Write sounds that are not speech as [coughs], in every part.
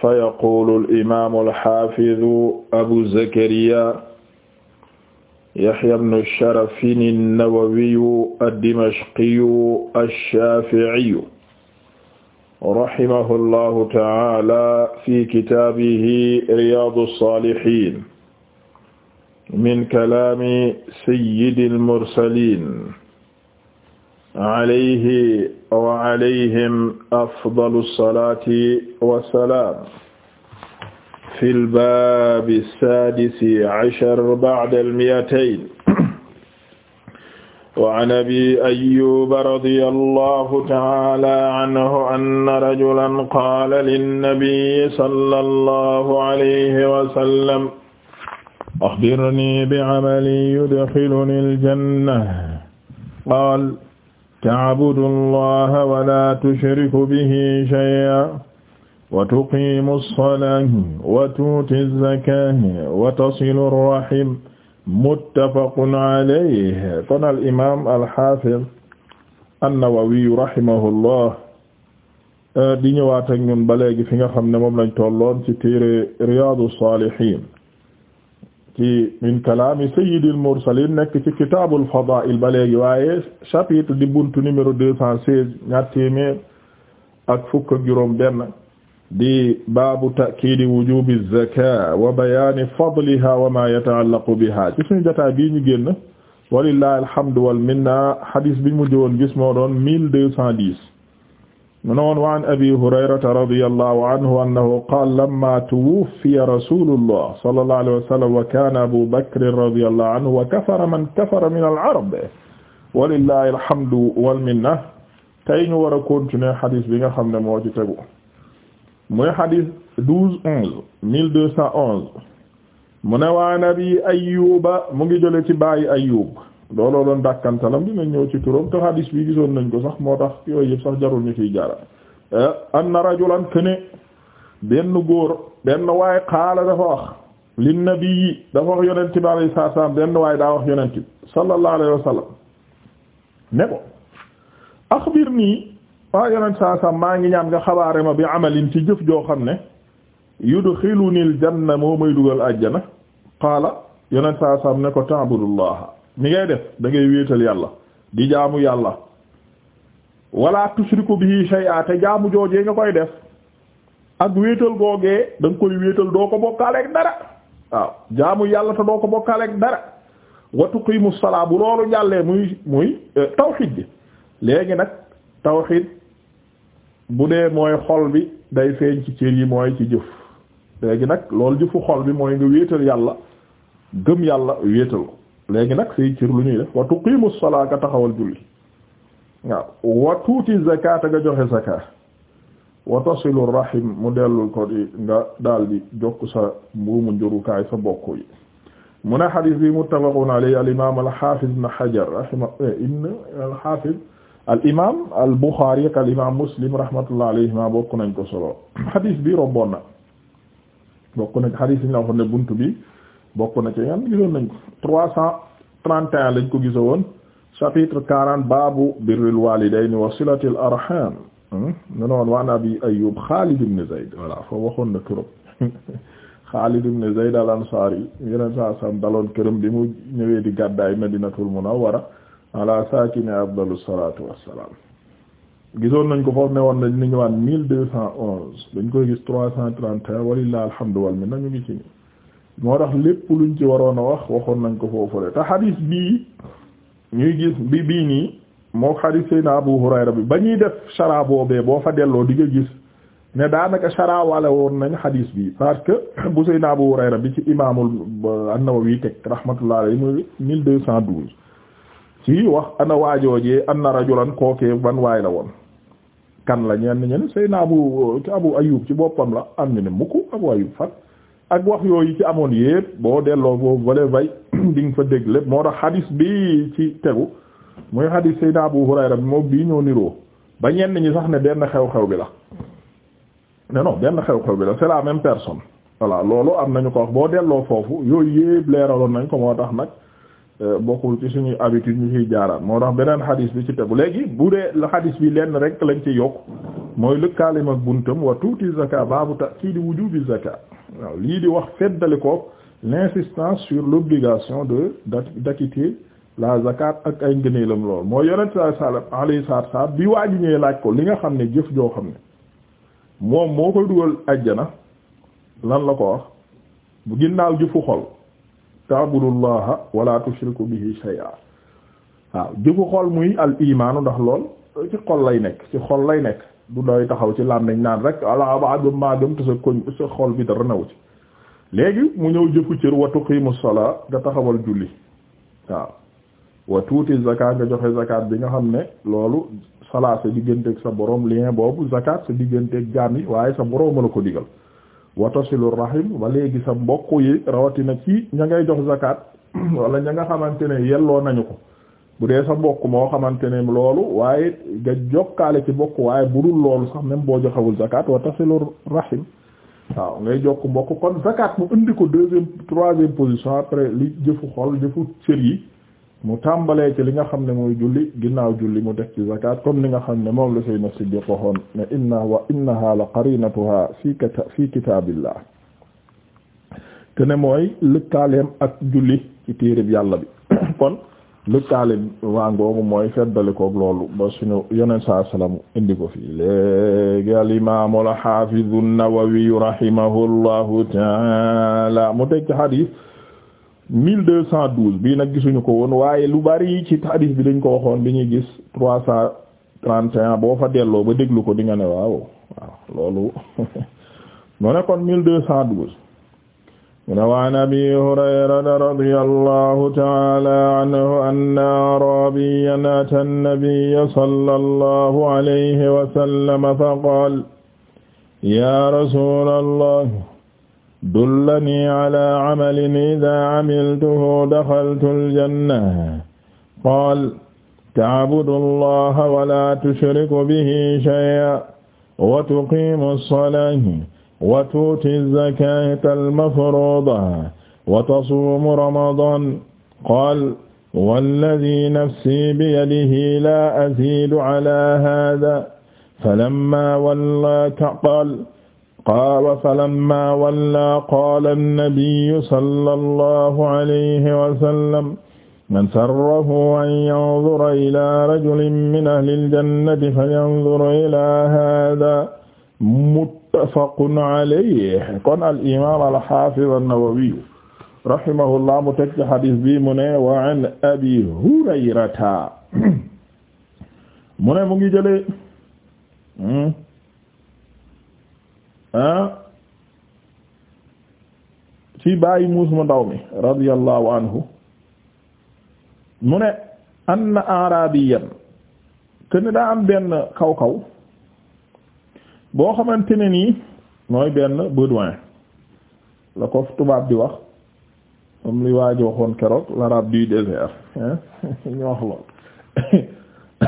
fa yaqulu alimaamu alxafidu abu zakariya yaxya bnu sharafin annawawiyu addimashqiyu alshafiiyu rahimahu allahu taala fi kitaabihi riyaadu alsaalihiin min kalaami sayyidi almursaliin alayhi wa alayhim afdalu salaati wa salaam fil baabi saadisi ashar ba'da al-mi'atayn wa an abi ayyuba radiyallahu ta'ala anhu anna rajulan qaala linnabiyyi sallallahu alayhi wa sallam akhbirnii bi'amalin yudkhilunii al-jannah qaala ta'budu allaha wa la tushriku bihi shay'an wa tuqiimu as-salaata wa tu'ti az-zakaata wa tasilu ar-rahim muttafaqun alayhi kon al-imaam al-haafiz an-Nawawi rahimahullah di ñëwaat ak ñun ba léegi fi nga xam ne moom lañ tolloon ci téere Riyaadu Saalihiin ci min kalaami sayyidil mursaliin nekk ci kitaabul fadaa'il ba léegi waaye chapitre di buntu numéro deux cent seize ñaar téeméer ak fukk ak juróom benn di baabu ta'kiidi wujuubi zakaa wa bayaani fadlihaa wa maa yata'allaqu bihaa ci suñu jotaay bii ñu génn walillahi alhamdu wal minna hadis bi mu jëwoon gis moo doon mille deux cent dix munoon waan abi hurayrata radiyallahu anhu annahu qaala lamma tuwuffiya rasulullah sallallahu alayhi wa sallam wa kaana abu bakrin radiyallahu anhu wa kafara man kafara min al-arab walillahi alhamdu wal minna tey ñu war a continuer xadis bi nga xam ne moo ci tegu muy xadis douze onze mille deux cent onze mu ne waan abi ayyuba mu ngi jële ci baayu ayyub looloo doon dàkkantalam dina ñëw ci turam te hadis bi gisoon nañ ko sax moo tax yooyu yëpp sax jarul ñu fiy jaara eh, anna rajulan këne benn góor benn waaye xaala dafa wax li nabi dafa wax yonent bi alayhi salaam benn waaye daa wax yonent bi sallallahu alayhi wa sallam ne ko axbir nii waaw maa ngi ñaan nga xabaare bi amalin ci jëf joo xam ne yudxiluni al janna moo may dugal àjjana qaala yonent saa saam ne ko ni ngay def da wéetal yàlla di jaamu yàlla wala tushriku bihi shay'a te jaamu joojee nga koy def ak wéetal googee da nga koy wéetal doo ko bokkaaleeg dara waaw jaamu yàlla te ko bokkaaleeg dara wa tuqimu salaa bu loolu jàllee muy muy euh, tawxiid bi léegi nag tawxiid bu dee mooy xol bi day feeñ ci cër yi mooy ci jëf léegi nag loolu jëfu xol bi mooy nga wéetal yàlla gëm yàlla wéetal ko léegi nag say cir lu ñuy def wa tuqimu salaa nga taxawal julli waaw tuuti zakata nga joxe zakat wa tasilu rahim mu dellul ko di nga daal di jokk sa mbuumu njurukaay sa bokk yi mu ne xadis bi muttafaqun alayhi al imam al hafiz ibn hajar rahima eh, ibn al hafiz al al imam muslim rahmatullah alayhima bokk nañ ko solo xadis bi romboon na bokk nañ xadis bi la waxoon buntu bi bokk na ci yan gisoon nañ ko trois cent trente et lañ ko gisa woon chapitre quarante baabu birril walidayn wa silatil arham hmm? ne noon waan abi ayyub Xaalid ibn Zayd voilà foofu waxoon na trop [laughs] Xaalid ibn Zayd al ansari yeneen saa sam daloon këram bi mu ñëwee di gàddaay Madinatul Munawwara ala saakini afdalu salaatu wassalaam gisoon nañ ko foofu ne woon nañ ni ñu waan mille deux cent onze dañ koy gis trois cent trente et un walillahi alhamdu wal minna ñu ngi ci moo tax lépp lu luñ ci waroon a wax waxoon nañ ko foofule te xadis bii ñuy gis bi bii nii moo xadis Seydina Abu Hurayra bi ba ñuy def chara boobee boo fa delloo di nga gis ne daanaka chara wala woon nañ xadis bi parce que [coughs] bu Seydina Abu Hurayra bi ci imaamul euh, An-Nawawi teg rahmatullah alayhi muy mille deux cent douze ci wax ana waajoojee anna rajulan kookee ban waay la woon kan la ñeen ñeen Seydina Abu ci euh, Abu Ayyub ci boppam la am ne ne mukk Abu Ayyub fat ak wax yooyu ci amoon yépp boo delloo boobu vale bay [clears throat] di nga fa dégg lépp moo tax xadis bi ci tegu muy xadis Seydina Abu Hurayra bi moom bii ñoo niroo ba ñenn ñi sax ne benn xew-xew bi la non non benn xew-xew bi la c'est la même personne voilà loolu am nañu ko wax boo delloo foofu yooyu yépp leeraloon nañ ko moo tax nag Euh, bokkul ci suñu habitude ñu fiy jaaraat moo tax beneen xadis bi ci tegu léegi bu dee la xadis bi lenn rek lañ ci yokk mooy lëkkaalim ak buntam wa tuuti kii di ta'kiid wujuubi zakat waaw lii di wax feddali ko l'insistance sur l'obligation de d'acquitter la zakat ak ay ngëneelam lool mooy yonent sa salam alayhi waa ji ñëwee laaj ko li nga xam ne jëf joo xam ne moom moo koy dugal ajjana lan la ko wax bu ginnaaw jëfu xol ta'budu llaha wala tushriku bihi shay'a waaw jëfu xol muy al imaanu ndax lool ci xol lay nekk ci xol lay nekk du doy taxaw ci lam nañ naan rek ala ba gëm maa gëm te sa koñ sa xol bi dara naw ci léegi mu ñëw jëfu cër wa tuqimu salaa nga taxawal julli waaw wa tuuti zakat nga joxe zakat bi nga xam ne loolu salaa sa digganteeg sa borom lien boobu zakat sa digganteeg jaam yi waaye sa borom la ko digal wa tasilu rahim ba léegi sa mbokk yi rawatina ci ña ngay jox zakat [clears throat] wala ña nga xamante ne yelloo nañu ko bu dee sa mbokk moo xamante ne loolu waaye nga jokkaale ci mbokk waaye budul loolu sax même boo joxewul zakat wa tasilu rahim waaw ngay jokk mbokk kon zakat mu indi ko deuxième troisième position après li jëfu xol jëfu cër yi mu tàmbalee ci li nga xam ne mooy julli ginnaaw julli mu def ci zakat li nga xam ne moom la Seydina Siddiq waxoon ne inna wa innaha la qarinatuha fi kita fi kitaabillah te ne mooy ak julli ci téereb yàlla bi [coughs] kon lëkkaaleem waangoomu mooy feddali koog loolu ba suñu yoneen saa salaam indi ko fii léegi al imaamul xaafizu Nawawi rahimahullahu taala mu teg ci mille deux cent douze bii nag gisuñu ko won waaye lu bari ci hadith bi dañ ko waxoon bi ñuy gis trois cent trente et boo fa delloo ba déglu ko di nga ne waaw waaw loolu [laughs] mu ne kon mille deux cent douze mu ne waan abi hurayrata radiyallahu ta'ala anna arabiyan ata an sallallahu alayhi wa sallam ya rasulallah dullanii ala camalin idaa camiltuhu daxaltu aljanna qaal tacbudu allaha wala tushriku bihi shay'an wa tuqiimu alsalata wa tuuti alzakata almafruuda wa tasuumu ramadan qaal walladii nafsii biyadihi laa aziidu calaa haazaa falammaa wallaa qaal qaala falammaa wallaa qaala annabiyyu sallallahu alayhi wa sallam man sarrahu an yanzura ilaa rajulin min ahlil jannati falyanzur ilaa haadaa muttafaqun alayhi kon al imaam al haafiz an-Nawawi rahimahullah mu teg ci xadis bi mu ne wa an abi hurayrata [clears throat] mu ne mu ngi jëlee hmm? Ah. ci bàyyi muus mu ndaw mi radiyallahu anhu mu ne anna arabiyan kenn daa am benn kaw kaw boo xamante ne nii mooy benn bédouin la ko tubaab bi wax moom li waa ji waxoon keroog l'arabe du désert [laughs] ñu wax lool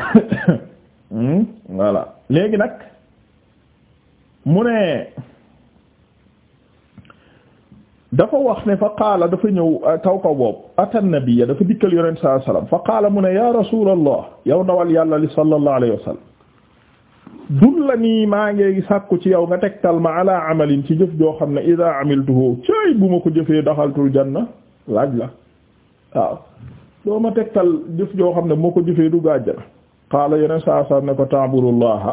[coughs] hmm? voilà léegi nag mu ne dafa wax ne fa qaala dafa ñëw eh, taw ko boobu ata nabiyya dafa dikkal yonent sallallahu alayhi wasallam fa qaala mu ne ya rasulallah yow ndawal yàlla li sallallahu alayhi wasallam dullanii maa ngi sàkku ci yow nga tegtal ma ala amalin ci jëf joo xam ne ida amiltuhu cay bu ma ko jëfee daxaltul janna laaj la waaw doo ma tegtal jëf joo xam ne bu ma ko jëfee du gàjjana qaala yonent sallallahu alayhi wasallam ne ko ta'budullaha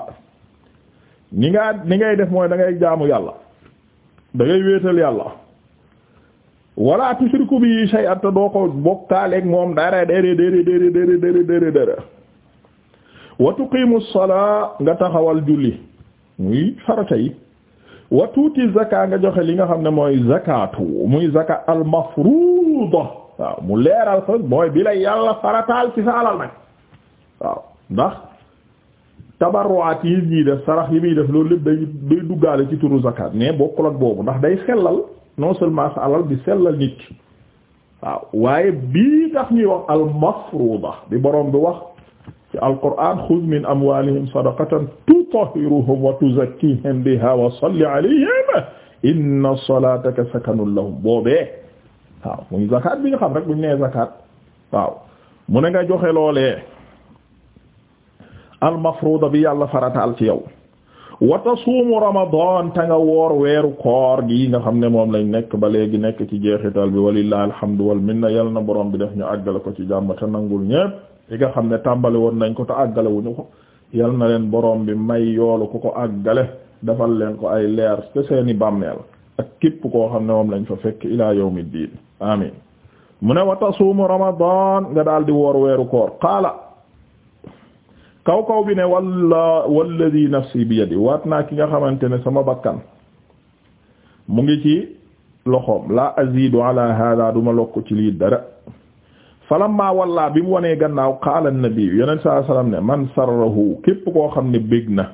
ni ngaa ni ngay def mooy dangay jaamu yàlla dangay ngay wéetal yàlla wala tushriku bi shay'an te doo ko bokkaaleeg moom dara dara dara dara dara dara dara salaa nga taxawal julli muy farata yi wa tuuti nga joxe li nga xam ne mooy zakatu muy zaka al waaw mu leeral ko mooy bi la yàlla farataal ci sa nag waaw ndax tabarruwaat yi ñuy def sarax yi muy def loolu lépp day day duggaale ci turu zakat mais bokkul ak boobu ndax day sellal non seulement sa bi sellal nit waaw waaye bii tax ñuy wax al bi borom bi wax ci alquran xuz min amwalihim sadaqatan tutahhiruhum wa tuzakkihim biha wa salli alayhim inna salataka sakanun lahum boobee waaw muy zakat bi ñu xam rek bu ñu nee zakat waaw mu ne nga joxe loolee al mafruda bi yàlla farataal ci yow wa tasuumu ramadan ta nga woor weeru koor gi nga xam ne moom lañ nekk ba léegi nekk ci jeexital bi walillahi alhamdu wal minna yal na borom bi def ñu àggale ko ci jàmm te nangul ñépp li nga xam ne tàmbali woon nañ ko te àggale wuñu ko yal na leen borom bi may yoolu ko ko àggale defal leen ko ay leer te seeni bàmmeel ak képp koo xam ne moom lañ fa fekk ila yawmid diin amin mu ne wa tasuumu ramadan nga daal di kaw kaw bi ne walla walladi nafsi bi yadi waat naa ki nga xamante ne sama bakkan mu ngi ci loxoom la azidu ala hada duma lokk ci lii dara falamma walla bi mu wonee gannaaw qaala an-nabi yonent saa sallam ne man sarrahu képp koo xam ne bég na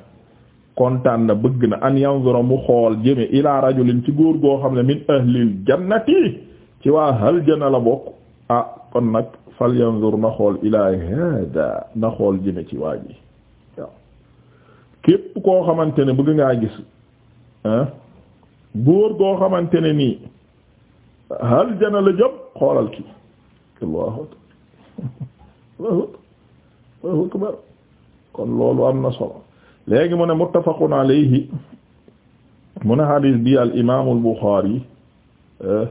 kontaan na bëgg na an yanzura mu xool jëme ila rajulin ci góor goo xam ne min ahlil jannati ci waa aljana la bokk ah kon nag fal yanzur na xool ilaa hada na xool jëme ci waa ji waaw képp koo xamante ne bëgg ngaa gis ah góor goo xamante ne nii hal la jëm xoolal kii allahu kon loolu am na solo léegi mu ne muttafaqun alayhi mu ne hadis bi al imaamul Buxaari eh,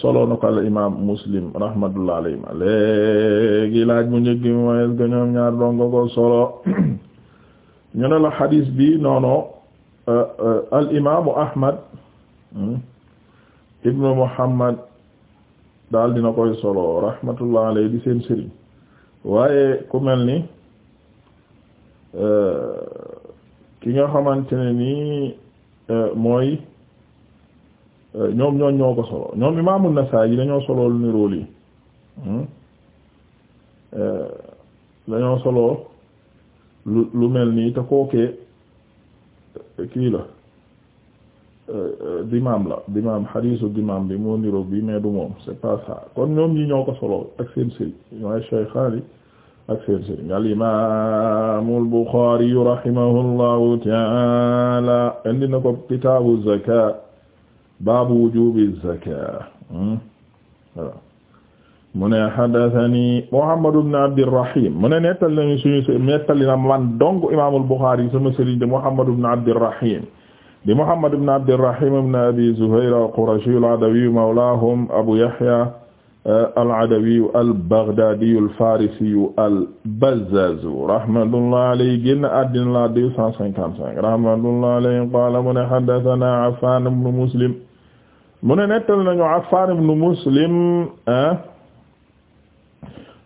solo na ko al imaam muslim rahmatullah alayhi léegi laaj mu njëkk mooy est-ce ñoom ñaar dongo ko solo ñu ne la xadiis bi noonu euh, euh, al imaamu Ahmad hmm, ibnu Muhammad daal dina koy solo rahmatullah alayhi di seen sëriñ waaye ku mel ni euh, ki nga xamante ne nii mooy. Euh, ñoom ñooñ ñoo ko solo ñoom Imaam An-Nasaa'i dañoo solo lu nirool yi hmm? euh, dañoo solo lu lu mel nii te kookee euh, kii la dimaam la dimaam xadiisu dimaam bi moo niroo bi mais du moom c'est pas ça kon ñoom ñi ñoo ko solo ak seen sëy ñooy Shaykhaani ak seen sëy nga al-Imaam al-Buxaari rahimahullahu ta'ala indi na ko kitaabu zakaat baabu wujubi zaka hmm? voilà mu ne hadathani Muhammadu ibn Abdirrahim mu ne nettali nañu suñu nettali na man dong Imaamul Buxaari sama sëriñ de Muhammadu ibn Abdirrahim di Muhammad ibn Abdirrahim ibn Abi Zuhayr al-Qurashi al-Adawi mawlaahum Abu Yahya eh, al-Adawi al-Baghdadi al-Farisi al-Bazzaz rahmatullahi alayhi génn àddina la deux cent cinquante-cinq rahmatullahi alayhi qaala mu ne haddathana Affan ibn Muslim mu ne nettal nañu Affan ibn Muslim ah,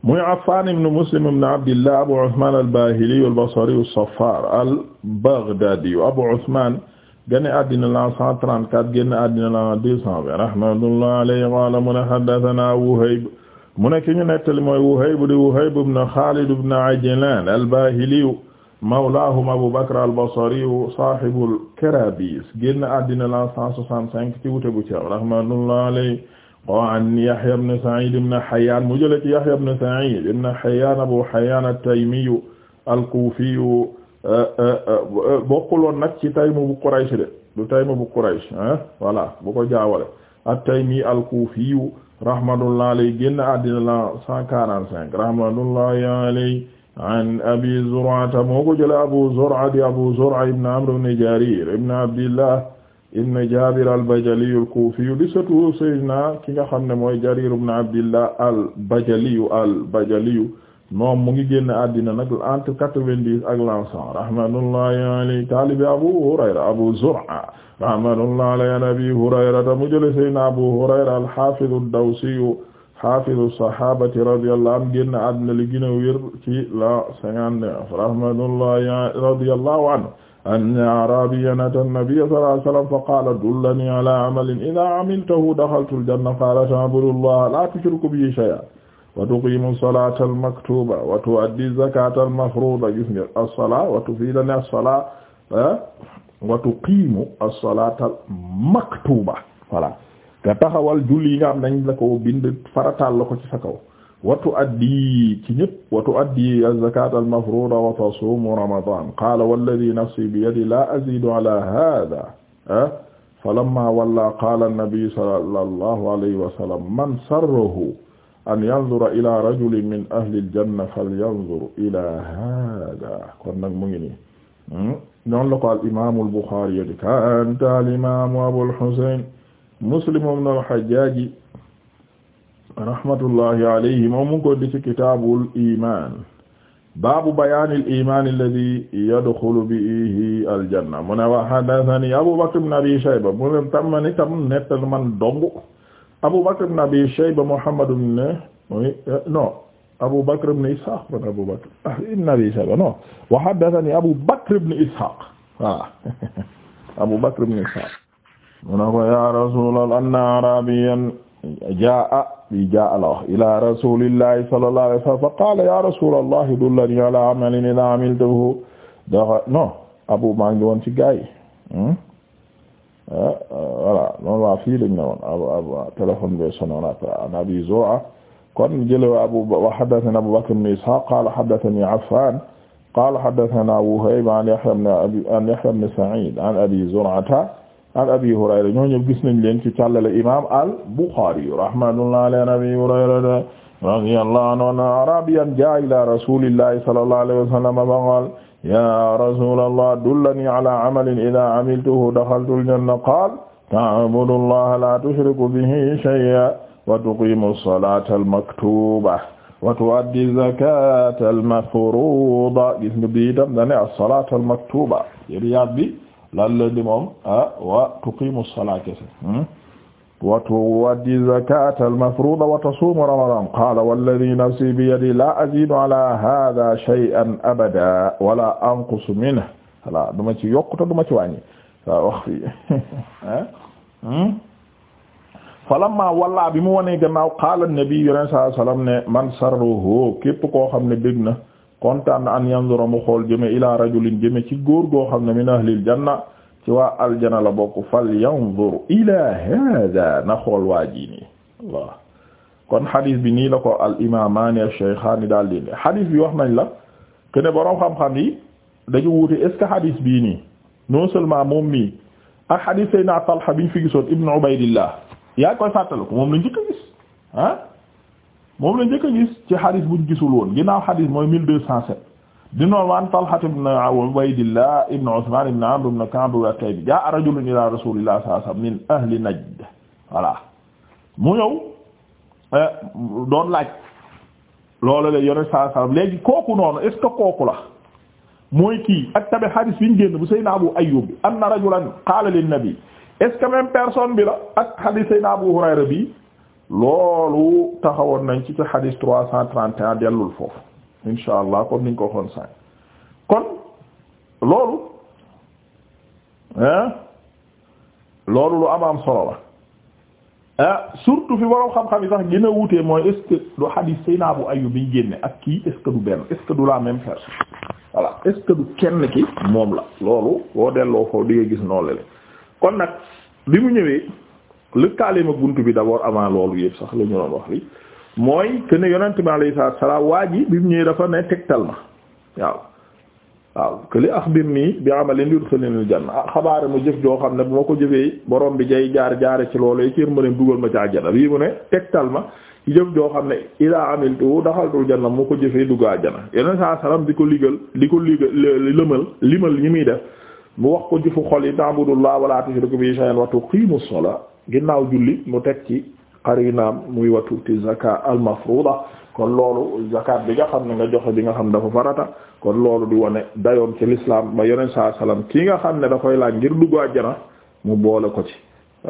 muy Affan ibn Muslim ibn Abdillah Abu Uthman al-Bahili al-Basri as-Saffar al-Baghdadi Abu Uthman génn àddina la 134 génn àddina la 220 rahmatullah alayhi qala mu ne haddathana Wuhayb mu ne ki ñu nettali mooy Wuhayb di Wuhayb ibn Khalid ibn Ajlan al-Bahili mawlaahum Abu Bakr al-Basri saahibul Karaabis génn àddina la 165 ci wute bu ci rahmatullahi alayhi an Yahya ibn Sa'id ibn Hayyan mu jële ci Yahya ibn Sa'id ibn Hayyan Abu Hayyan at-Taymi al-Kufi euh, euh, euh, bokkuloon nag ci Taymu bu Quraysh de du Taymu bu Quraysh ah voilà bu ko jaawale at-Taymi al-Kufi rahmatullahi alayhi génn àddina la 145 rahmatullahi alayhi an abi zur'ata moo ko jële abu zur'a di abu zur'a ibn amr ibn jarir ibn abdillah ibn jabir al-bajali al-kufi di sëtu sayyidina ki nga xam ne mooy jarir ibn abdillah al-bajali al-bajali moom mu ngi génn àddina nag entre quatre-vingt-dix ak l'an cent rahmatullahi alayhi taalibi abu hurayra abu zur'a rahmatullahi alayhi an abi hurayrata mu jële sayyidina abu hurayra al-hafiz ad-dawsi xafidu sahabati radiyallahu anhu génn àdduna li gën a wér ci la cinquante-neuf rahmatullahi radiyallahu anhu anna a'rabiyyan ata an-nabiyya sallallahu alayhi wa sallam fa qala dullani ala amalin idha 'amiltahu dakhaltu al-janna qala ta'budu allaha la tushriku bihi shay'an wa tuqimu as-salata al-maktuba wa tu'addi az-zakata al-mafruda gis nga as-salata wa tufidani as-salata eh, wa tuqimu as-salata al-maktuba voilà te taxawal julli yi nga xam dañ la ko bind farataal la ko ci sa kaw watu addi ci ñëpp watu addi az-zakat al-mafruda wa tasumu ramadan qala walladhi nafsi bi yadi la azidu ala hadha ah falamma walla qala an-nabi sallallahu alayhi wa sallam man sarrahu an yanzura ila rajulin min ahli al-janna falyanzur ila hadha kon nag mu ngi nii hmm? noonu la ko al-imam al-bukhari yadi kanta al-imam abu al-husayn Muslim ibn al-Hajjaj rahmatullahi alayhi moom mu ngi ko di ci kitaabul iman baabu bayaanil iman alladi yadxulu bihi aljanna mu ne wa haddathani Abu Bakr ibn Abi Shayba mu ne tam man itam nettal man dong Abu Bakr ibn Abi Shayba Muhammad ibn euh, non Abu Bakr ibn Ishaq ibn Abu Bakr ah, ibn Abi Shayba non wa haddathani Abu Bakr ibn Ishaq wa [laughs] Abu Bakr ibn Ishaq mu ne ko ya rasulal anna arabiyan jaa bi jaa la wax ila rasulillahi sallallahu alayhi wa sallam fa qaala ya rasulallah dullani ala amalin idha amiltuhu daxa non abu maa ngi woon ci gaa yi hmm? eh, voilà noonu waa fii lañ ne woon a téléphone bi sonoon après an abi zoa kon jëlew abu wa hadathana abu bakr ibn ishaq qala hadathani affan qala hadathana wuhayb an yahya ibn abi an yahya ibn sa'id an abi zur'ata an abi hurayra ñoo ñëw gis nañ leen ci càllale imam al bukhari rahmatullah alayhi abi hurayra radiyallahu anhu anna arabiyan jaa ila rasulillahi sallallahu alayhi wa sallam fa qaal ya rasulallah dullani ala amalin ida amiltuhu daxaltu aljanna qaal ta'budu allaha la tushriku bihi shay'an wa tuqimu as-salata al-maktuba wa tu'addi az-zakata al-mafruda gis nga bi itam dane as-salata al-maktuba lan la di moom ah wa tuqimu salaa kese hmm? wa tuwaddi zakata almafruda wa tasuumu ramadan qaala walladi nafsi biyadi la azidu ala hada shay'an abada wala anqusu minhu voilà duma ci yokku te duma ci wàññi waaw wax fi [laughs] ah, hmm? falamma walla bi mu wonee gannaaw qaala nabi sallallahu alayhi wasallam ne man sarruhu képp koo xam ne dégg na kontaan na an yanzura mu xool jëme ila rajulin jëme ci góor goo xam ne min ahlil janna ci waa aljana la bokk fal yanzur ila hada na xool waa ji nii kon xadis bi nii la ko al imamaani al shaykhaani daal di ne bi wax nañ la que ne boroom xam-xam yi dañu wuute est ce que xadis bii nii non seulement moom mii ak xadis Seydina Talha biñ fi gisoon Ibn Ubaydillah yaa koy fàttaliku moom lañ ci ko gis ah moom la njëkk a gis ci xadis buñ gisul woon ginnaaw xadis mooy 1207 di noonu waan Talha ibn Ubaydillah ibn Usman ibn Amr ibn Ka'b at jaa rajulun ila Rasulillah sallallahu alayhi wasallam min ahli Najd voilà mu ñëw eh, doon laaj loolu la yore sallallahu alayhi wasallam léegi kooku noonu est kooku la mooy kii ak tamit xadis bi ñu génn bu Sayyidina Abu Ayyub bi anna rajulan qaala lin-nabi est ce que bi la ak xadis Sayyidina Abu Hurayra bi loolu taxawoon nañ ci ci xadis trois cent trente et dellul foofu insha allah comme niñ ko waxoon sànq kon loolu ah loolu lu am am solo la ah surtout fi borom xam-xam yi sax gën a wutee mooy est-ce que du xadis Seydina bu Ayyub biñ génne ak kii est du benn est-ce que du la même personne voilà est du kenn ki moom la loolu boo delloo foofu di nga gis noonu la kon nag bi mu ñëwee. lëkkaale ma buntu bi d'abord avant loolu yëpp sax la ñu wax li mooy que ne yonent bi alayhi salaam waa ji bi mu ñëwee dafa ne tegtal ma waaw waaw que li axbir nii bi amalin yudxilnil janna ah xabaare mu jëf joo xam ne bu ma ko jëfee borom bi jay jaar jaare ci loolu yi ci ma leen dugal ma ci àjjana bii mu ne tegtal ma jëf joo xam ne ila amiltu daxaltul janna mu ko jëfee dugg àjjana yonent saa salaam di ko ligal di ko ligal lëmal limal ñi muy def mu wax ko yi ta'budullah wala tushriku bihi shay'an ginnaaw julli mu teg ci qarinaam muy watuuti zakat al mafruda kon loolu zakat bi nga xam ne nga joxe bi nga xam dafa farata kon loolu di wane dayoom ci l'islam ba yoneen saa salaam kii nga xam ne da koy laaj ngir dugg àjjana mu boole ko ci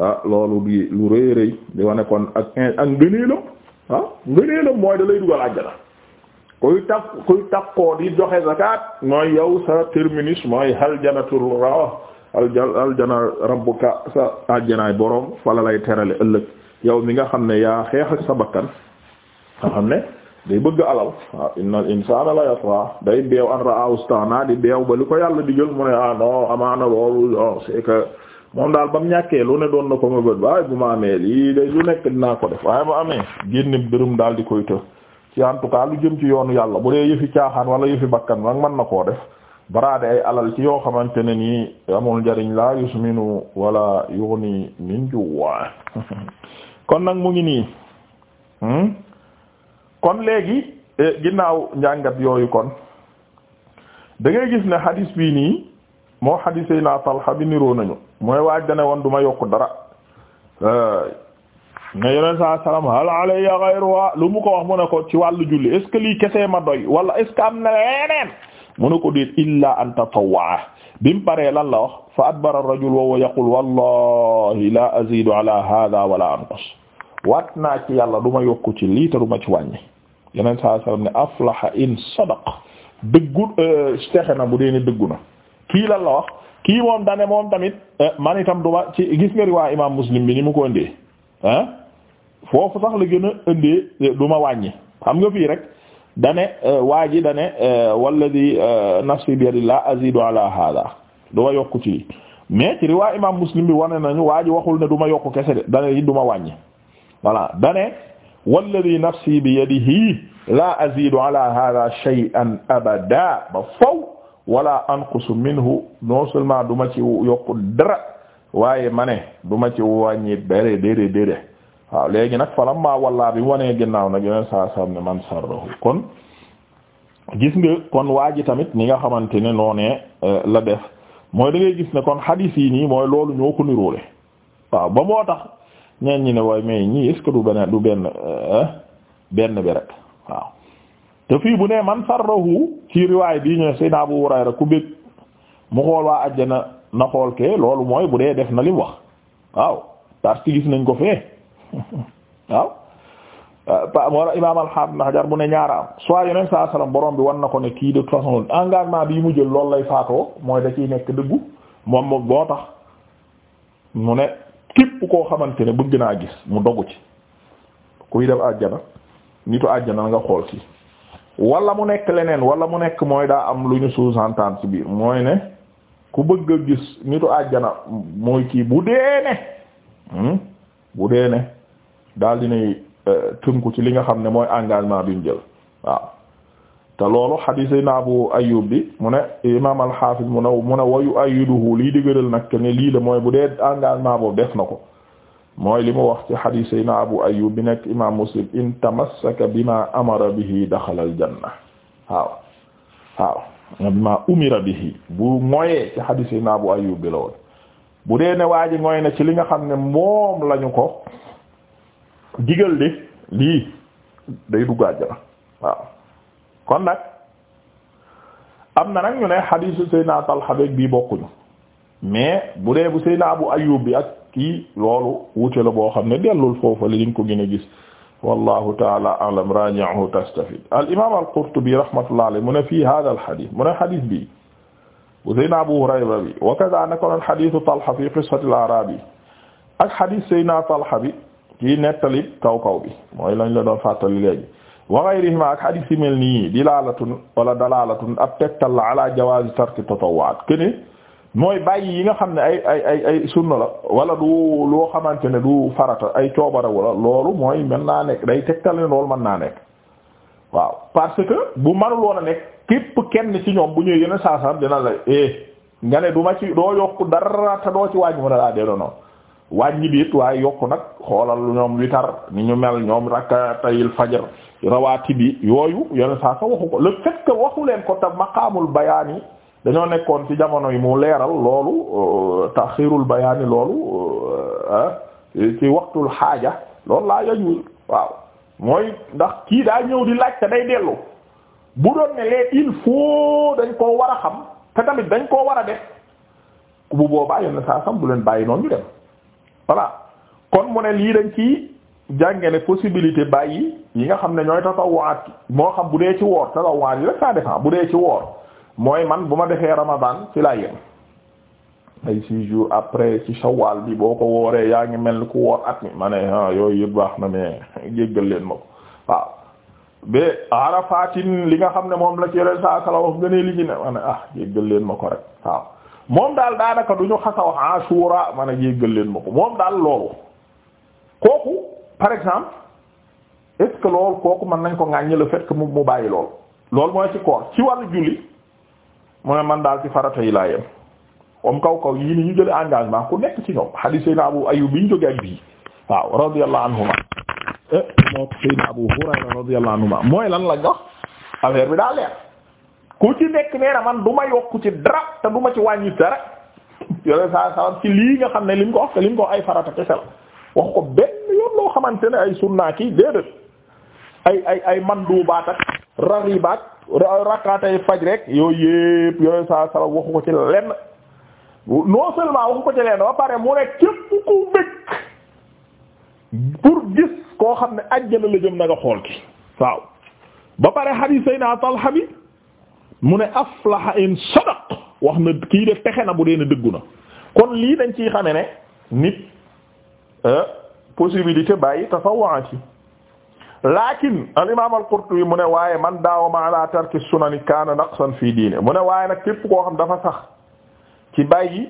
ah loolu di lu rëy rëy di wane kon ak ak ngëneelam ah mooy da lay dugal àjjana kuy takk kuy takkoo di joxe zakat mooy yow sa terminus mooy hal rawa aljana rabbuka sa ajjanaay boroom fala lay terale ëllëg yow mi nga xam ne yaa xeex ak sa bakkan nga xam ne day bëgg alal waaw innal insana la yatra day beew an ra'ahu istana di beew ba lu ko yàlla digal mu ne ah amaana loolu que moom daal ba mu ñàkkee lu ne doon na ko ma bët waaye bu ma amee lii lu nekk dinaa ko def waaye ma amee génn dërëm daal di koy të en tout cas lu jëm ci yoonu yàlla bu dee yëfi caaxaan wala yëfi bakkan nag mën na koo def baraade ay alal ci yoo xamante ne nii amul njariñ la yusminu wala yughni min juwa [laughs] kon nag mu ngi nii hmm? kon léegi eh, ginnaaw njàngat yooyu kon da gis ne hadis bii nii moo hadis yi naa Talha bi niroo nañu mooy waaj dane woon duma yokk dara eh, ne yoneen saa salaam hal alayya ghayruha lu mu ko wax mu ne ko ci wàll julli est ce lii kese ma doy wala est ce am na leneen mu ne ko déet an tatawwa bi mu paree lan la wax fa adbara ar-rajul wa yaqul wallahi la azidu ala hadha wala anqus waat naa ci yàlla du ma yokku ci lii du ma ci wàññi yeneen saa sallam ne aflaha in sadaq dëggu euh, texe na bu dee ne dëggu na kii lan la wax kii moom dane moom tamit euh, man itam du ma ci gis nga riwaa imaam muslim bi ni mu ko indee foofu sax la gën a indee du ma wàññi xam nga fii rek dane eh, waa ji dane eh, walladhi eh, nafsi biyadillah azidu ala hada du ma yokku ci mais ci riwaa imam muslim bi wane nañu waa ji waxul ne du ma yokku kese de dane yi du ma wàññi voilà dane walladhi nafsi biyadihi la azidu ala hada shay'an abada ba faw wala anqusu minhu non seulement duma ci yokku dara waaye mane duma du ci wàññi dara dara dara waaw léegi nag falam maa wallaa bi wanee ginnaaw na yeneen saa sam ne man sarrahu kon gis nga kon waa ji tamit ni nga xamante ne noonee euh, la def mooy da ngay gis ne kon hadis yi nii mooy loolu ñoo ko niroole waaw ba moo tax ñeen ñi ne waaye mais ñii est-ce du benn du euh, euh, benn bi rek waaw te fii bu ne man sarrahu ci riwaay bii ñu ne Seydina Abu Hurayra ku bëgg mu xool waa ajjana na xool ke loolu mooy bu dee def na li mu wax waaw parce que gis nañ ko fee waaw Mor Imaam al-Hafiz Ibn Hajar bu ne ñaaraam soit yeneen saa salaam borom bi wan na ko ne kii de toute façon engagement bi mu jël loolu lay faatoo mooy da ciy nekk dëggu moom moom boo tax mu ne koo xamante ne bëgg naa gis mu dogu ci kuy dem nitu àjjana nga xool ci wala mu nekk wala mu nekk mooy daa am lu ñu sous ci biir mooy ne ku bëgg a gis nitu àjjana mooy kii bu dee ne hmm? bu dee ne. daal dinay eh, tënku ci li nga xam ne mooy engagement bi mu jël waaw te loolu xadiis yi na Abu Ayyub bi mu ne imaam al-Hafiz mu ne mu ne wayu ayiduhu liy dëgëral nag te lii la mooy bu dee engagement boobu def na ko mooy li mu wax ci xadiis yi na Abu Ayyub bi nekk imaam Muslim in tamassaka bima amara bihi daxala al-janna waaw waaw bima umira bihi bu moyee ci xadiis yi na Abu Ayyub bi la woon bu dee ne waa ji mooy ne ci li nga xam ne moom lañu ko digal li lii day dugg àjjana waaw kon nag am na nag ñu ne xadiisu Seydina Talha bii bokkuñu mais bu dee bu Seydina Abu Ayyub bi ak kii loolu wuute la boo xam ne dellul foofu li ñu ko gën a gis wallahu taala alam raji'hu tastafid al imam al qurtubi rahmatullah alayhi mu ne fii hada al hadith mu ne hadith bi bu Seydina Abu Hurayra bi wa kadha nakon al hadithu Talha fi qissati al arabi ak hadith Seydina Talha bi ci nettali kaw kaw bi mooy lañ la doon fàttali léegi wa ghayrihima ak hadith yi mel nii dilaalatun wala dalaalatun ab tegtal la ala jawaazi tarki tatawwaat kene mooy bàyyi yi nga xam ne ay ay ay ay sunna la wala du loo xamante ne du farata ay coobara wala loolu mooy mën naa nekk day tegtal ne loolu mën naa nekk waaw parce que bu manuloon a nekk képp kenn ci ñoom bu ñëwee yeneen saa saa dina la eh nga ne du ma ci doo yokk dara te doo ci wàññi mu ne laa dee wàññi biit waaye yokk nag xoolal ñoom witar ni ñu mel ñoom rakkatayil fajar rawaati bi yooyu yeneen saa sa waxu ko le fait waxu leen ko te maqaamul bayaani dañoo nekkoon ci jamono yi mu leeral loolu euh, taxiirul bayaani loolu euh, ah, ci waxtul xaaja lool laa yajul waaw mooy ndax kii daa ñëw di laaj te day dellu bu doon ne lee il faut dañ koo war a xam te tamit dañ koo war a def bu boobaa yenn saa bu leen bàyyi noonu ñu dem voilà kon mu ne lii dañ ci jànge ne possibilité bàyyi yi nga xam ne ñooy tatawwaat moo xam bu dee ci woor tatawwaat yi rek ça dépend bu dee ci woor mooy man bu ma defee ramadan ci laa yem ay six jours après ci shawwal bi boo ko wooree yaa ngi mel ni ku woor at mi ma yooy ah yëpp baax na mais [laughs] jéggal leen ma ko waaw ba arafatin li nga xam ne moom la ci yore saa sala wax gënee li ci ne ma ah jéggal leen ma ko rek waaw moom daal daanaka du ñu xas a wax ah man a jéggal leen ma moom daal loolu kooku par exemple est-ce kooku mën nañ ko ŋàññi le fait mu bàyyi loolu loolu mooy ci koor ci wàllu julli mu ne man daal ci farata yi laa yem comme kaw kaw yii ni ñu jële engagement ku nekk ci ñoom hadith Seydina Abu Ayyub bi ñu jóge ak bii waaw radiyallahu anhuma eh, moo Seydina Abu Hurayra radiyallahu anhuma mooy lan la jox affaire bi daa leer ku ci nekk nee na man du ma yokk ci dara te du ma ci wàññi dara yore saa saa ci lii nga xam ne liñ ko wax te li mu ko ay farata kese la wax ko benn yoon loo xamante ne ay sunnaa kii déedéet ay ay ay manduubaat ak raribaat rakkaatay faj rek yooyu yépp yore saa saa waxu ko ci lenn non seulement waxu ko ci lenn ba pare mu ne képp ku bëgg pour gis koo xam ne ajjana la jëm na nga xool ki waaw ba pare xadiis Sayna Talha bi mu ne aflaha in sadaq wax na kii def texe na bu dee dëggu na kon lii dañ ciy xame ne nit euh, possibilité bàyyi tatawwaati lakin al imam al qurtubi mu ne waaye man daawama ala tarki sunani kaana naqsan fi diine mu ne waaye nag képp koo xam dafa sax ci bàyyi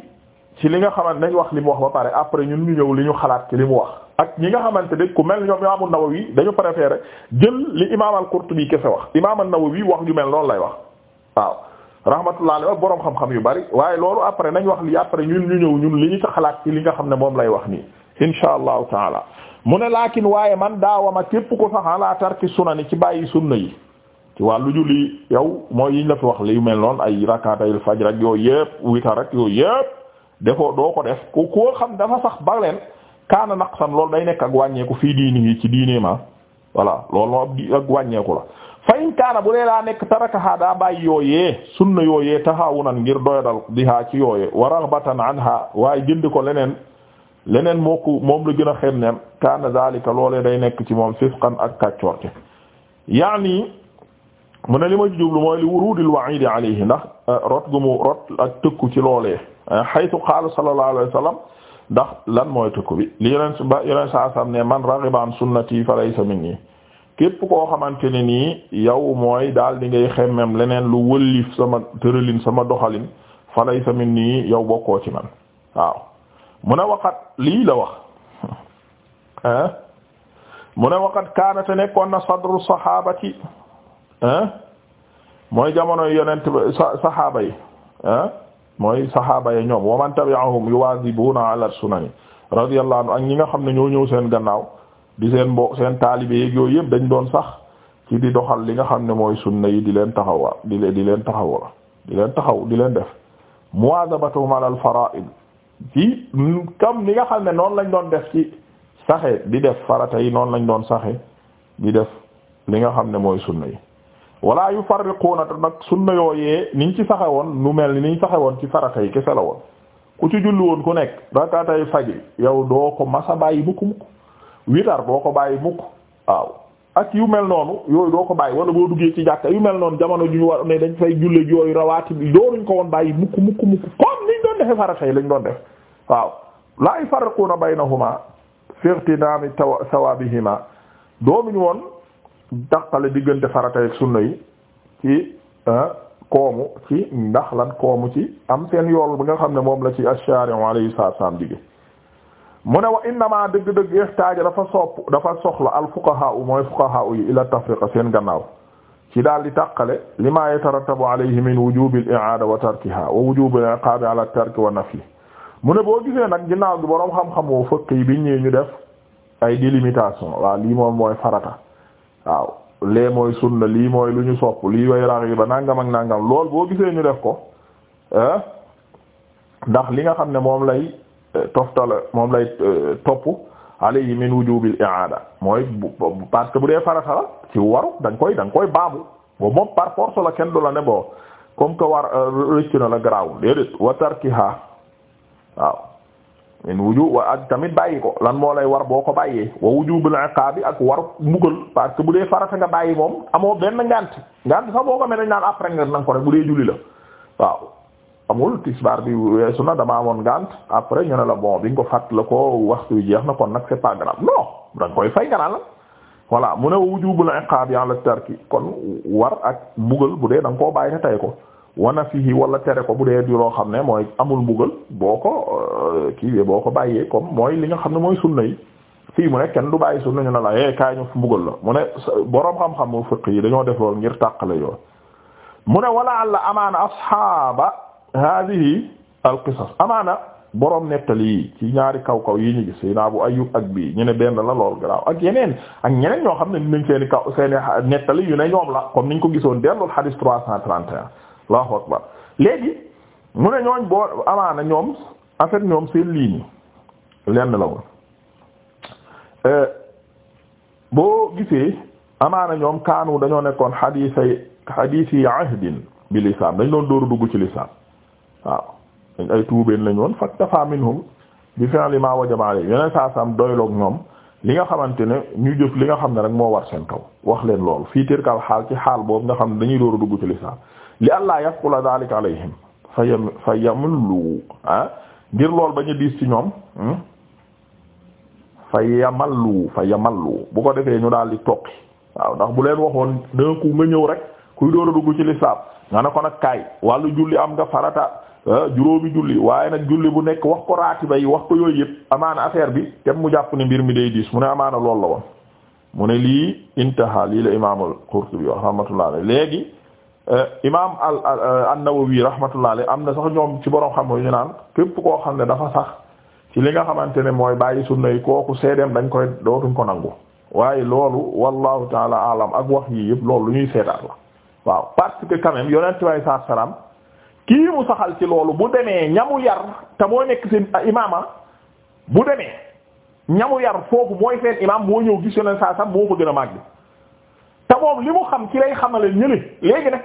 ci li nga xamante nañ wax li mu wax ba pare après ñun ñu ñëw li ñu xalaat ci li mu wax ak ñi nga xamante ne ku mel ñoom imam an-Nawawi dañu préféré jël li imam al qurtubi kese wax imam an-Nawawi wax ju mel loolu lay wax waaw rahmatullah alayhi borom xam-xam yu bari waaye loolu après nañ wax li après ñun ñu ñëw ñun li ñu ci xalaat ci li nga xam ne moom lay wax nii insha allahu taala mu ne laa laakin waaye man daawama képp ko sax ala tarki sunani ci bàyyi sunna yi ci wàllu julli yow mooy yiñ la fi wax lii mel noon ay rakatayil faj ak yooyu yëpp witar rek yooyu yëpp defoo doo ko def ku koo xam dafa sax ba leen kaana naqsan loolu day nekk ak wàññeeku fii diini yi ci diine ma ah voilà loolu moo ab wàññeeku la fa in kaana bu dee daa nekk tarakaha daa bàyyi yooyee sunna yooyee taxawunan ngir doyadal bihaa ci yooyee wa raghbatan anha waaye jënd ko leneen leneen moo ko moom la gën a xem nem kaana zalika loolee day nekk ci moom fisqan ak kàccoorte yaani mu ne li ma jublu mooy li wurudil wa'id alayhi ndax eh, rot gu mu rot ak tëkku ci loolee eh, haythu qaala sallallahu alayhi wa sallam ndax lan mooy tëkku bi li yeneen ba yeneen saa sam ne man raghiba an sunnati fa laysa minni képp koo xamante ne nii yow mooy daal di ngay xemmem leneen lu wëllif sama tëralin sama doxalin falay samit nii yow bokkoo ci man waaw mu waxat lii la wax ah [laughs] mu ne waxat kaanate nekkoon na sadru sahabati ah mooy jamono yonent saxaaba yi ah mooy sahaaba yi ñoom wa man tabi'ahum yuwaazibuna ala sunani radiyallahu anhu ak ñi nga xam ne ñoo ñëw seen gannaaw di seen mbo seen taalibe yeeg yooyu yëpp dañ doon sax ci di doxal li nga xam ne mooy sunna yi di leen taxawaa di leen di leen taxawa di leen taxaw di leen def muwaazabatuhum ala al fara'id ci comme ni nga xam ne noonu lañ doon def ci saxe di def farata yi noonu lañ doon saxe di def li nga xam ne mooy sunna yi yu yufarriquuna te nag sunna yooyee niñ ci saxe woon nu mel ni niñ saxe woon ci farata yi kese la woon ku ci julli woon ku nekk rakatay faji yow doo ko masa bàyyi mukk mukk witar boo ko bàyyi mukk waaw ak yu mel noonu yooyu doo ko bàyyi wala boo duggee ci jàkka yu mel noonu jamono ju ñu war ne dañ fay jullit yooyu rawaati bi dooruñ ko woon bàyyi mukk mukk mukk comme niñ doon defee farata yi lañ doon def waaw laa yufarriquuna baynahuma fi ightinami thawabihima doonuñ woon daqale diggante farata ak sunna yi ci ah, koomu ci ndax lan koomu ci am seen yool bi nga xam ne moom la ci ash-shari'u alayhi salaam dige mu ne wa innama dëgg-dëgg ihtaaja dafa sopp dafa soxla al fuqahaa mooy fuqahaa yi ila tafriqa seen gannaaw ci daal di tàqale li yatarattabu alayhi min wujubi al i'aada wa tarkiha wa wujubi al mu ne boo gisee nag ginnaaw gi boroom xam-xamu fëkk yi bi ñëwee ñu def ay délimitation waaw lii mooy farata waaw lee mooy sunna lii mooy lu ñu sopp lii way raxiba nangam ak nangam lool boo gisee ñu def ko eh, ndax li nga xam ne moom lay toftala moom lay euh, topp alayhi min wujubil i'ada mooy parce que bu dee farata la ci waru da koy da nga koy baabu boobu par force la kenn du la ne boo comme que war euh, rëcc na la garaawul déedéet wa tarkiha waaw min wuju wa ak tamit bàyyi ko lan moo lay war boo ko bàyyee wa wujubil iqabi ak waru mbugal parce que bu dee farata nga bàyyi moom amoo benn ngant ngant sax boo ko mel dañ naan nga nang ko rek bu dee julli la waaw xamul tisbaar bi weesu na dama amoon ngant après ñu ne la bon bi nga ko fàtt la ko waxtu wi jeex na kon nag c'est pas grave non da nga koy fay nga la voilà mu ne wujubul iqaab ala tarki kon war ak mbugal bu dee da ko bàyyi te tey ko wana fii wala tere ko bu dee di xam ne mooy amul mbugal boo ko euh, kii boo ko bàyyee comme mooy li nga xam ne mooy sunna yi fii mu ne kenn du bàyyi sunna ñu ne la eh kaay ñu mbugal la mu ne boroom xam-xam mu fiq yi dañoo def ngir tàqale yoon mu hadihi al qisas amaana boroom nettali yi ci ñaari kaw kaw yi ñu gis Seydina Abu Ayyub ak bii ñu ne benn la lool garaaw ak yeneen ak ñeneen ñoo xam ne dinañ seeni kaw seeni nettali yu ne ñoom la comme ñu ko gisoon dellul hadith trois cent trente et un Allahu akbar léegi mu ne ñooñ boo amaana ñoom en ñoom seen lii nii lenn la woon euh, boo gisee amaana ñoom kaanu dañoo nekkoon hadith yi hadith yi ahdin bi lislaam dañ doon dóoru dugg ci lislaam waaw ay tuubeen lañu woon faktafa minhum bi fi'li ma wajaba alayhi yeneen saa sam doyloog ñoom li nga xamante ne ñu jëf li nga xam ne rek moo war seen kaw wax leen lool fii tirkal xaal ci xaal boobu nga xam ne dañuy door a dugg ci lislaam li allah yafqula daalika alayhim fa yam fa yamallu ah ngir lool bañu diis ci ñoom hmm? fa lu fa lu bu ko defee ñu daal di toqi waaw ndax bu leen waxoon d'un coup nga ñëw rek kuy door a dugg ci lislaam am Ah, juróomi julli waaye nag julli bu nekk wax ko raatiba yi wax ko yooyu yëpp amaana affaire bi kenn mu jàpp ne mbir mi day diis mu ne amaana lool la woon mu ne lii intaha lii la imaamul Qurtubi wax rahmatullah alayhi léegi eh, imaam al eh, an-Nawawi rahmatullah alayhi am na sax ñoom ci borom xam ñu naan képp koo xam ne dafa sax ci li nga xamante ne mooy bàyyi sunna yi kooku seedeem dañ koy dootuñ ko nangu waaye loolu wallahu taala alam ak wax yii yëpp lool lu ñuy seetaat la waaw parce kii mu saxal ci loolu bu demee ñamu yar te moo nekk seen imaama bu demee ñamu yar foofu mooy seen imaam moo ñëw gis yoneen saa sax moo ko gën a màgg te moom li mu xam ci lay xamale ñële léegi nag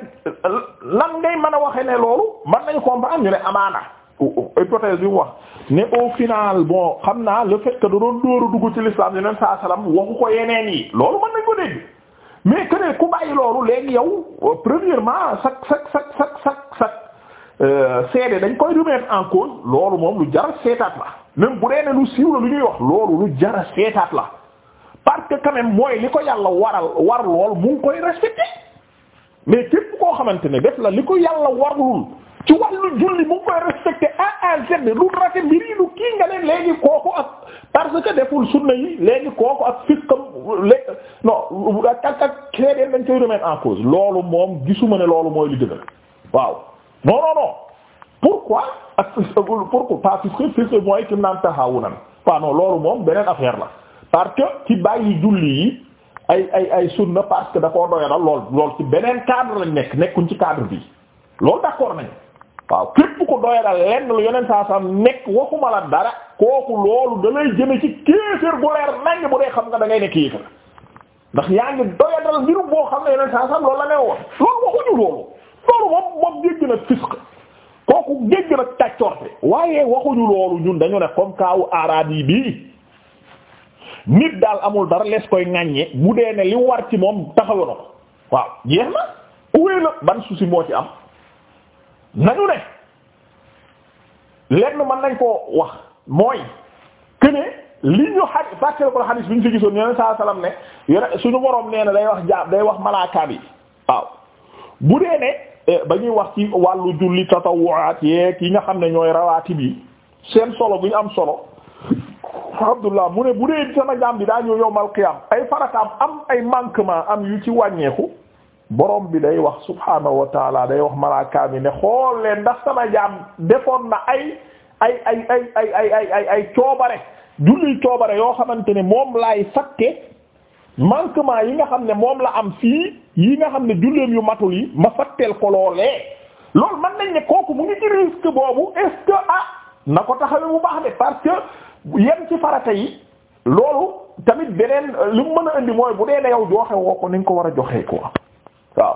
lan ngay mën a waxe ne loolu man nañu comprendre ñu ne amaana hypothèse bi mu wax ne au final bon xam naa le fait que da doon dóoru ci l'islam yoneen saa salaam waxu ko yeneen yi loolu mën nañ ko dégg mais que ne ku bàyyi loolu léegi yow premièrement sak sak sak sak sak Euh, seede dañ koy remettre en cause loolu moom lu jara seetaat la même bu dee ne lu siiw la lu ñuy wax loolu lu jara seetaat la parce que quand même mooy li ko yàlla waral war lool mu ngi koy respecté mais képp koo xamante ne def la li ko yàlla warlul ci wàllu julli mu koy respecté A à Z lu rate mbir lu kii nga leen léegi kooku ak parce que deful sunna yi léegi kooku ak fiskam lé non ak ak ak seedeen dañ koy remettre en cause loolu moom gisuma ne loolu mooy li dëgër waaw non non non pourquoi ak pourquoi pas fisqe fisqe mooy kim naan taxawunan waaw non loolu moom beneen affaire la parce que ci bàyyi julli yi ay ay ay sunna parce que da koo doyadal lool lool ci beneen cadre lañ nekk nekkuñ ci cadre bi loolu d'accord nañ waaw képp ko doyadal lenn lu yeneen saa saa nekk waxuma la dara kooku loolu da lay jëme ci kéefër gu leer nañ bu dee xam nga da ngay nekk yéefër ndax yaa ngi doyadal mbirum boo xam ne yeneen saa saa loolu la nee woon loolu waxuñu loolu loolu moom moom jégg na fisq kooku jégg na tàccorte waaye waxuñu loolu ñun dañu ne comme kaawu araad yi bii nit daal amul dara lees koy ŋàññe bu dee ne li war ci moom taxawu na ko waaw jeex na uwee la ban souci moo ci am nañu ne lenn man nañ koo wax mooy këne li ñu xaj parce que ko xadis bi ñu fi gisoon yoneen saa salaam ne suñu boroom nee na day wax jaab day wax malaaka bi waaw bu dee ne Eh, ba ñuy wax ci wàllu julli tatawuwaat yeeg yi nga xam ne ñooy rawaatib yi seen solo bu ñu am solo alhamdulilah mu ne bu dee sama jaam bi daa ñëw yowmal qiyam ay farataam am ay manquement am yu ci wàññeeku borom bi day wax subhaanahu wa taala day wax malaaka mi ne xool leen ndax sama jaam defoon na ay ay ay ay ay ay coobare julli coobare yoo xamante ne moom laay fàtte manquement yi nga xam ne moom la am fii yi nga xam ne julleem yu matul yi ma fatteel ko loolee loolu man nañ ne kooku mu ngi ci risque boobu est ah na ko taxawee bu baax de parce que yem ci farata yi loolu tamit beneen euh, lu mu mën a indi mooy bu dee ne yow joxe woo ko ni ko war a joxee quoi waaw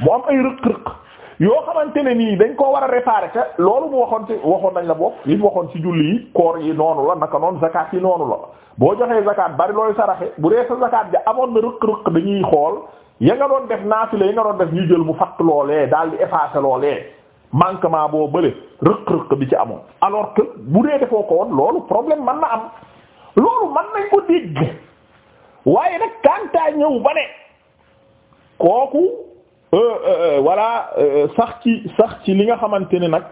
mu am ay rëq-rëq. yoo xamante ne nii dañ koo war a réparer te loolu mu waxoon ci waxoon nañ la bokk li waxoon ci julli yi koor yi noonu la naka noon zakat yi noonu la boo joxee zakat bari looy saraxe bu dee sa zakat ja amoon na rëq-rëq dañuy xool ya nga doon def naafile ya nga doon def ñu jël mu fatt loolee daal di effacer loolee manquement boo bële rëq-rëq bi ci amoon alors que bu dee defoo ko woon loolu problème mën na am loolu mën nañ ko dégg waaye ne kooku Euh, euh, euh, voilà sax ci sax ci li nga xamante ni nag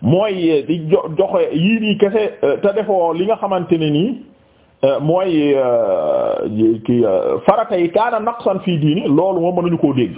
mooy di jo joxe yii nii kese te defoo li nga xamante ne nii mooy ki farata yi kaana naqsan fii diini loolu moom mënuñu koo dégg